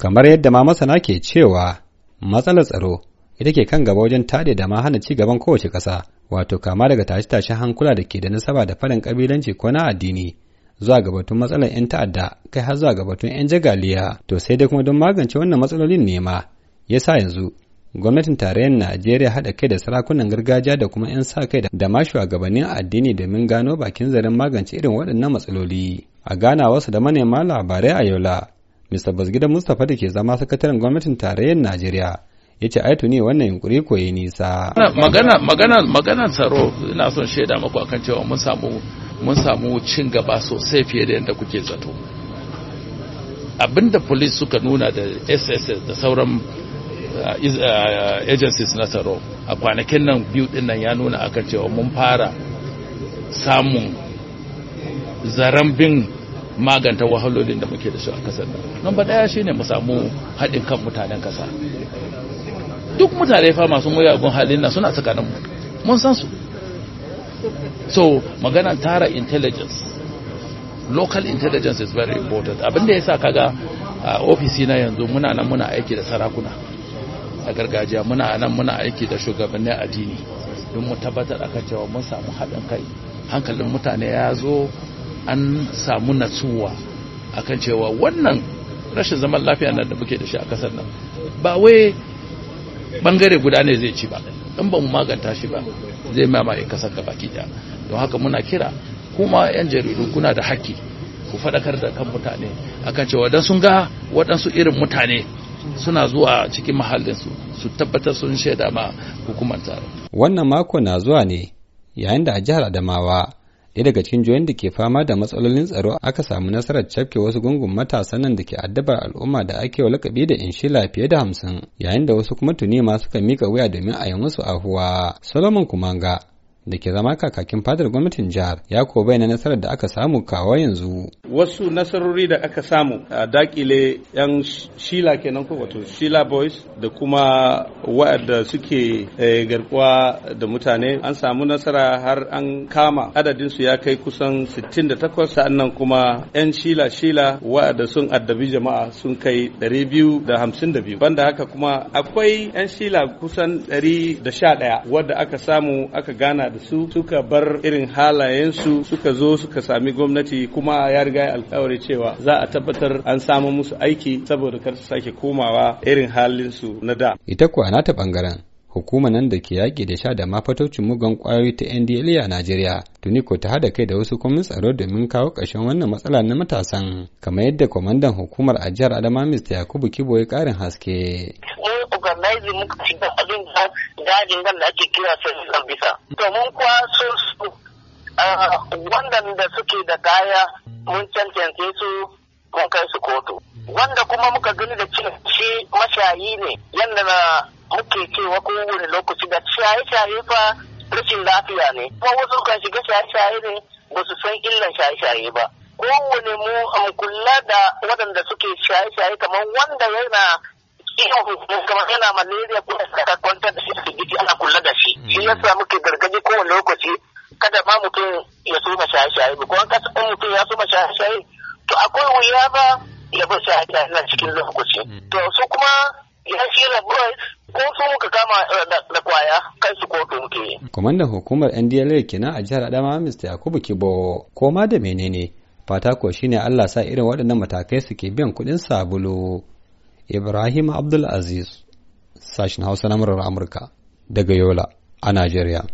kamar yadda ma masana ke cewa matsalar tsaro ita ke kan gaba wajen tade da ma hana ci gaban kowace ƙasa wato kama daga tashe-tashen hankula da ke da nasaba da farin kabilanci ko na addini zuwa ga batun matsalar 'yan ta'adda kai har zuwa ga batun 'yan jagaliya to sai dai kuma don magance wannan matsalolin nema ya sa yanzu gwamnatin tarayyar najeriya haɗa kai da sarakunan gargajiya da kuma 'yan sa kai da ma shugabannin addini domin gano bakin zaren magance irin waɗannan matsaloli a ganawarsu da manema labarai a yola Mr. Basgida Mustapha da ke zama sakataren gwamnatin tarayyar Najeriya ya ce ai ne wannan yunkuri koyi nisa. Magana magana magana tsaro ina son shaida maku akan cewa mun samu cin gaba sosai fiye da yadda kuke zato. Abinda police suka nuna da SSS da sauran uh, uh, agencies na tsaro a kwanakin nan biyu din nan ya nuna akan cewa mun fara samun zaren bin maganta wahalolin da muke da su a kasar nan number daya shine mu samu haɗin kan mutanen kasa duk mutane fa masu muyagun halin nan suna tsakanin mu mun san su so maganan tara intelligence local intelligence is very important abinda yasa kaga a ofisi na yanzu muna nan muna aiki da sarakuna a gargajiya muna nan muna aiki da shugabannin addini don mu tabbatar akan cewa mun samu haɗin kai hankalin mutane ya zo an samu natsuwa akan cewa wannan rashin zaman lafiya nan da muke da shi a kasar nan ba wai bangare guda ne zai ci ba in ba mu maganta shi ba zai mamaye kasar ka baki da don haka muna kira kuma yan jaridu kuna da haƙƙi ku faɗakar da kan mutane akan cewa dan sun ga waɗansu irin mutane suna zuwa cikin su su tabbatar sun shaida ma hukumar tsaro wannan mako na zuwa ne yayin da a jihar Adamawa ɗaya daga cikin joyin da ke fama da matsalolin tsaro aka samu nasarar cafke wasu gungun matasan nan da ke addabar al'umma da ake lakabi da inshila fiye da hamsin yayin da wasu kuma tuni ma suka mika wuya domin a yi musu ahuwa solomon kumanga da ke zama kakakin fadar gwamnatin jihar ya ko bayyana nasarar da aka samu kawo yanzu wasu nasarori da aka samu a dakile yan shila kenan ko wato shila boys da kuma waɗanda suke eh, garkuwa da mutane an samu nasara har an kama adadinsu ya kai kusan 68 sa'annan kuma yan shila shila waɗanda sun addabi jama'a sun kai 252 banda haka kuma akwai yan shila kusan 111 wadda aka samu aka gana da su suka bar irin halayensu suka zo suka sami gwamnati kuma ya riga riga ya alkawari cewa za a tabbatar an samu musu aiki saboda kar su sake komawa irin halin su na da ita kuwa ta bangaren hukumar nan da ke yaƙi da sha da mafatocin mugan ƙwayoyi ta NDLA a Najeriya tuni ko ta hada kai da wasu kwamin tsaro domin kawo ƙarshen wannan matsala na matasan kamar yadda kwamandan hukumar a jihar Adama Mr. Yakubu Kibo ya karin haske. Mun organize muka shiga abin da dajin da ake kira bisa. Domin kuwa ah, wannan da suke da kaya mun cancance su mun kai su kotu wanda kuma muka gani da cin shi mashayi ne yadda na muke cewa kowane lokaci da shaye-shaye fa rashin lafiya ne kuma wasu kan shiga shaye-shaye ne ba su san illan shaye-shaye ba kowane mu kula da waɗanda suke shaye-shaye kamar wanda yana ciwon kamar yana malaria kuma da kwantar da shi ana kula da shi shi mm. yasa muke gargaji kowane lokaci kada ma mutum ya ma shaye-shaye ba kuma kasa in mutum ya ma shaye-shaye to akwai wuya ba ya bar shaye-shaye na cikin lokaci mm. to su kuma ya shi boys ko su muka kama da kwaya kai su kotu muke yi. kwamandan hukumar ndla kenan a jihar adama mr yakubu kibo ko ma da menene fata ko shine allah sa irin waɗannan matakai suke biyan kuɗin sabulu ibrahim abdulaziz sashen hausa na murar amurka daga yola a najeriya